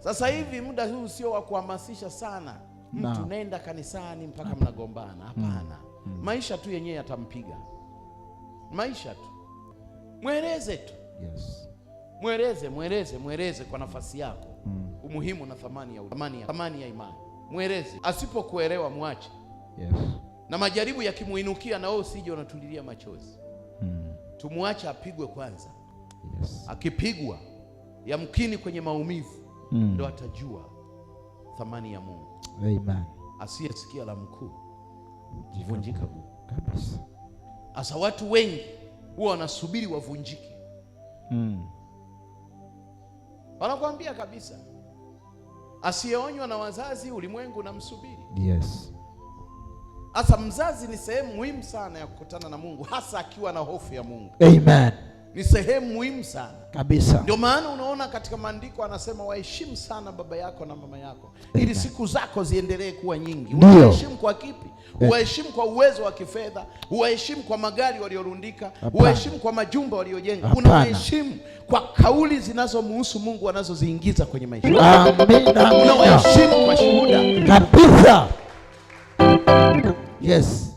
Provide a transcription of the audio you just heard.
Sasa hivi muda huu sio wa kuhamasisha sana mtu nenda kanisani mpaka mnagombana. Mm. Hapana, mm. Mm. maisha tu yenyewe yatampiga, maisha tu. Mweleze tu yes. Mweleze, mweleze, mweleze kwa nafasi yako mm. umuhimu na thamani ya thamani ya, thamani ya imani. Mweleze, asipokuelewa mwache yes. na majaribu yakimuinukia, na wewe usije unatulilia machozi mm. tumwache apigwe kwanza yes. Akipigwa yamkini kwenye maumivu mm. Ndio atajua thamani ya Mungu. Amen. Asiyesikia la mkuu vunjika guu kabisa. Asa watu wengi huwa wanasubiri wavunjike mm. Wanakuambia kabisa, asiyeonywa na wazazi ulimwengu namsubiri. Yes. Asa mzazi ni sehemu muhimu sana ya kukutana na Mungu, hasa akiwa na hofu ya Mungu. Amen ni sehemu muhimu sana kabisa. Ndio maana unaona katika maandiko anasema waheshimu sana baba yako na mama yako, ili siku zako ziendelee kuwa nyingi. Unawaheshimu kwa kipi? Uwaheshimu eh. kwa uwezo wa kifedha, uwaheshimu kwa magari waliorundika, uwaheshimu kwa majumba waliojenga, unawaheshimu kwa kauli zinazomhusu Mungu anazoziingiza kwenye maisha. Amina, unawaheshimu kwa shuhuda kabisa. Yes.